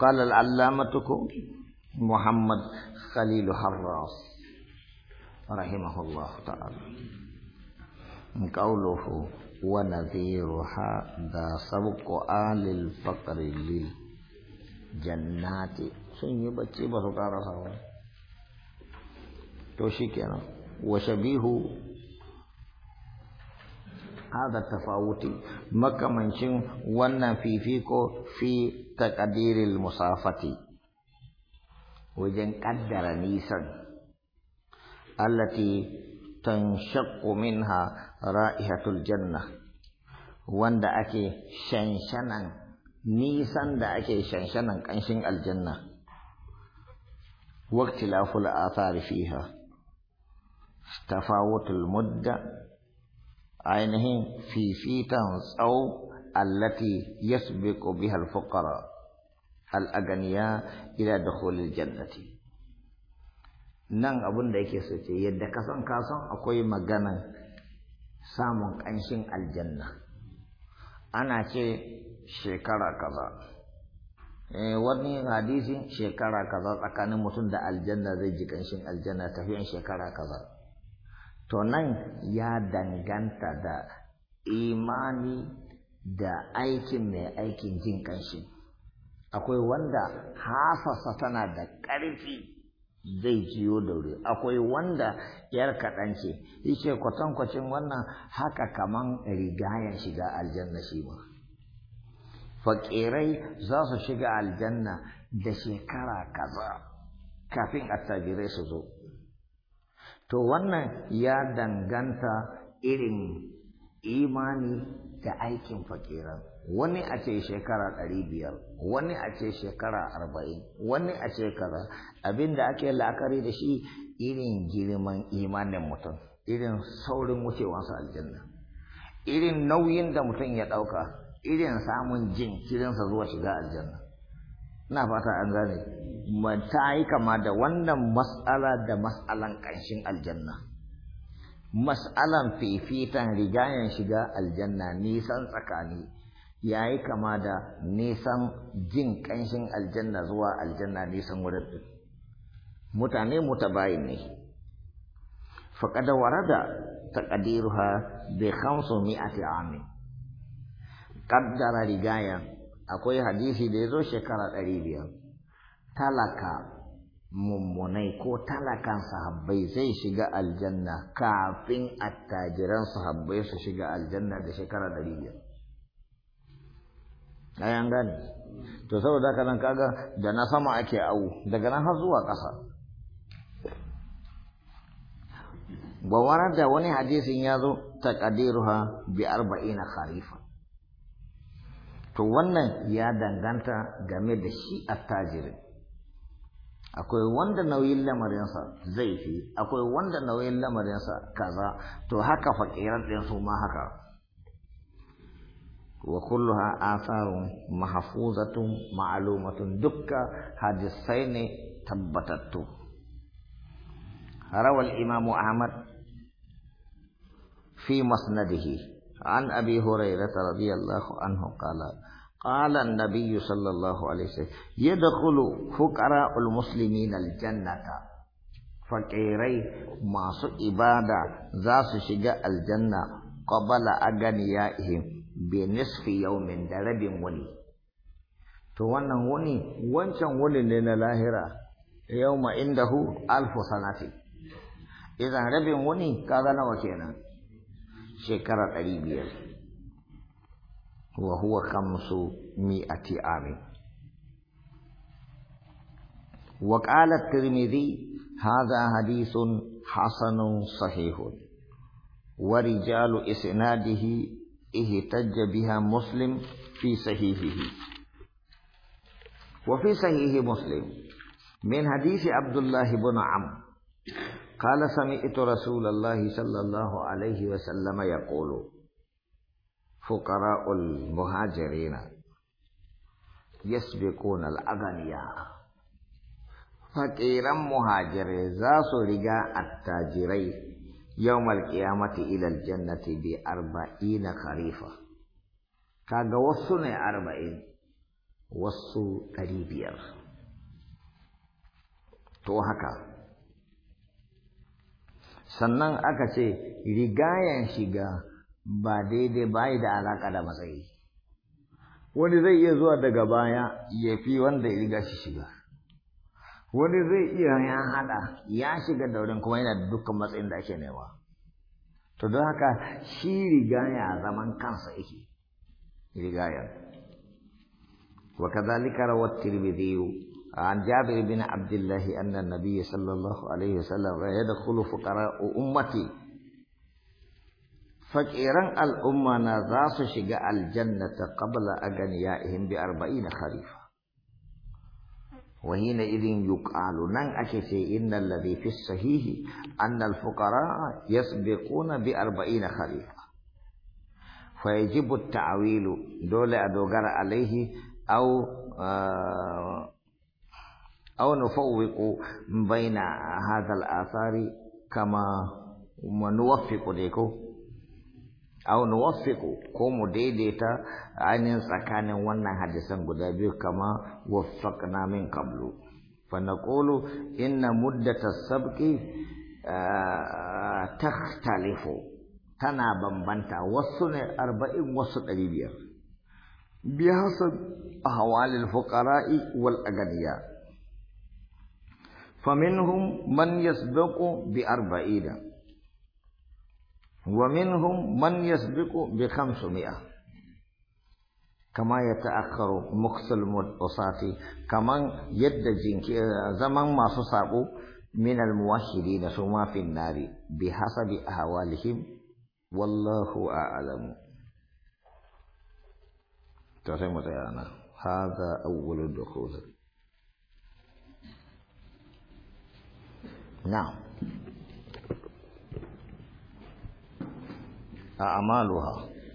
قال العلامة محمد خليل حراس رحمه الله تعالى قوله ونذيرها ذا سبق آل الفقر للجنات سنجي بچي بسو كارا سوا تو شي وشبيه هذا التفاوت makamancin wannan ونن في فيكو في Wajen ƙaddara nisan, قدر نيسا التي تنشق منها رائحة الجنة wanda ake nisan da ake shanshanan ƙanshin aljanna waktilaful athari fiha tafawutul mudda ainihin fifitan tsawo allati yasbiqu biha al-fuqara al-aganiya ila dukhulil jannati nan abun da yake so ce yadda kasan kasan akwai magana samun kanshin aljanna ana ce shekara kaza eh, wani hadisi shekara kaza tsakanin mutum da aljanna zai ji kanshin aljanna tafiyan shekara kaza to nan ya danganta da imani da aikin mai aikin jin kanshi akwai wanda hafasa tana da ƙarfi zai jiyo da wuri akwai wanda yar kaɗan ce yake kwatankwacin wannan haka kaman rigayen shiga aljanna shi ma faƙirai za su shiga aljanna da shekara kaza kafin a attajirai su zo to wannan ya danganta irin imani da aikin fakiran wani a ce shekara ɗari biyar wani a ce shekara arba'in wani a ce kaza abinda ake la'akari da shi irin girman imanin mutum irin saurin wucewansa aljanna irin nauyin da mutum ya ɗauka irin samun jin jinkirinsa zuwa shiga aljanna Ina fata an gane ta yi kama da wannan mas'ala da mas'alan ƙanshin aljanna mas'alan fifitan rigayen shiga aljanna nisan tsakani ya yi kama da nisan jin ƙanshin aljanna zuwa aljanna nisan wurin mutane mutabayin ne faƙada warada taƙadiruha bai khamsu mi'ati amin rigayen akwai hadisi da ya zo shekara ɗari biyar talaka mummunai ko talakan sahabbai zai shiga aljanna kafin attajiran sahabbai su shiga aljanna da shekara ɗari biyar ɗayan gane to saboda haka nan kaga da na sama ake awu daga nan har zuwa ƙasa gwawarar da wani hadisin ya zo ta taƙadiruha bi arba'ina kharifa to wannan ya danganta game da shi attajirin akwai wanda nauyin lamarinsa zai fi akwai wanda nauyin lamarinsa kaza to haka fakiran ɗin su ma haka wa kulluha atharun mahfuzatun ma'lumatun dukka hadisai ne tabbatattu rawa al-imamu ahmad fi masnadihi عن أبي هريرة رضي الله عنه قال قال النبي صلى الله عليه وسلم يدخل فقراء المسلمين الجنة فقيري ما سو إبادة ذاس شجاء الجنة قبل أغنيائهم بنصف يوم درب ولي to wannan wuni wancan wuni ne na lahira yawma indahu alfu sanati idan rabin wuni kaga nawa kenan شكر قريبيا وهو خمس مئة عام وقال الترمذي هذا حديث حسن صحيح ورجال إسناده اهتج بها مسلم في صحيحه وفي صحيح مسلم من حديث عبد الله بن عمرو قال سمعت رسول الله صلى الله عليه وسلم يقول فقراء المهاجرين يسبقون الأغنياء فقيرا مهاجر زاسو رجاء التاجرين يوم القيامة إلى الجنة بأربعين خريفة كاغا وصنا أربعين وصو قريبير تو هكا sannan aka ce rigayen shiga ba daidai bayi da alaƙa da matsayi wani zai iya zuwa daga baya ya fi wanda ya riga shi shiga wani zai iya ya haɗa ya shiga da wurin kuma yana da dukkan matsayin da ake nema to don haka shi rigaya zaman kansa yake Rigayen. wa kazalika rawat tirmidhi عن جابر بن عبد الله أن النبي صلى الله عليه وسلم يدخل فقراء أمتي فكيران الأمة نذاس شجاء الجنة قبل أغنيائهم بأربعين وهنا وحينئذ يقال نن نعم أكسي إن الذي في الصحيح أن الفقراء يسبقون بأربعين خريفة فيجب التعويل دول أدوغر عليه أو آه أو نفوق بين هذا الآثار كما نوفق ديكو أو نوفق كوم ديديتا عن سكان ونا حدثا قدابيو كما وفقنا من قبل فنقول إن مدة السبك تختلف تنا بمبنتا وصل أربعين وصل أليبيا بحسب أحوال الفقراء والأغنياء فمنهم من يسبق بأربعين ومنهم من يسبق بخمسمائة كما يتأخر مقتل العصاة كما يد جنك زمن ما سصابوا من الموحدين ثم في النار بحسب أهوالهم والله أعلم تعلم هذا أول الدخول na'am a